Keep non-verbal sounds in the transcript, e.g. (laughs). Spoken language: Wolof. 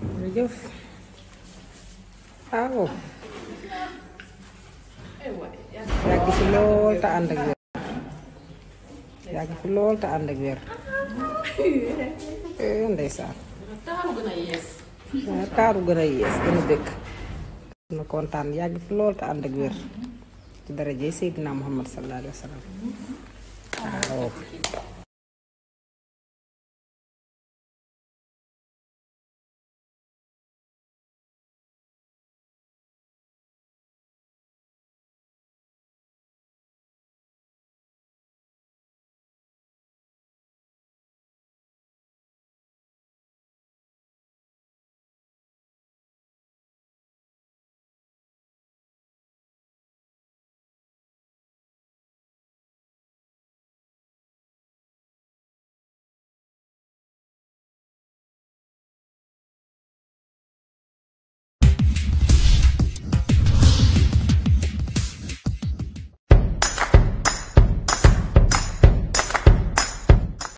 jërëjëf waaw yàgg fi lool te ànd ak wér yàgg fi lool te ànd ak wér (laughs) eh, ndeysaan eh, taaru gën a yees gën a dëkk na kontaan yàgg fi lool te ànd ak wér ci daraja Muhammad sallallahu alayhi